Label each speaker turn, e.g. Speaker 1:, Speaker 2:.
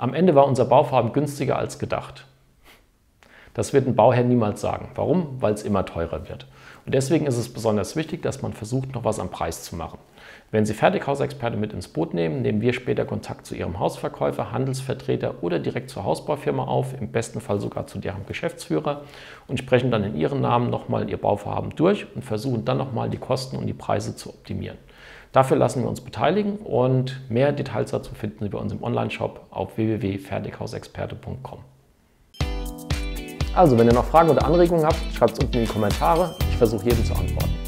Speaker 1: Am Ende war unser Bauvorhaben günstiger als gedacht. Das wird ein Bauherr niemals sagen. Warum? Weil es immer teurer wird. Und deswegen ist es besonders wichtig, dass man versucht, noch was am Preis zu machen. Wenn Sie Fertighausexperte mit ins Boot nehmen, nehmen wir später Kontakt zu Ihrem Hausverkäufer, Handelsvertreter oder direkt zur Hausbaufirma auf, im besten Fall sogar zu deren Geschäftsführer und sprechen dann in Ihrem Namen nochmal Ihr Bauvorhaben durch und versuchen dann nochmal die Kosten und die Preise zu optimieren. Dafür lassen wir uns beteiligen und mehr Details dazu finden Sie bei uns im Onlineshop auf www.fertighausexperte.com. Also, wenn ihr noch Fragen oder Anregungen habt, schreibt es unten in die Kommentare. Ich versuche jedem zu antworten.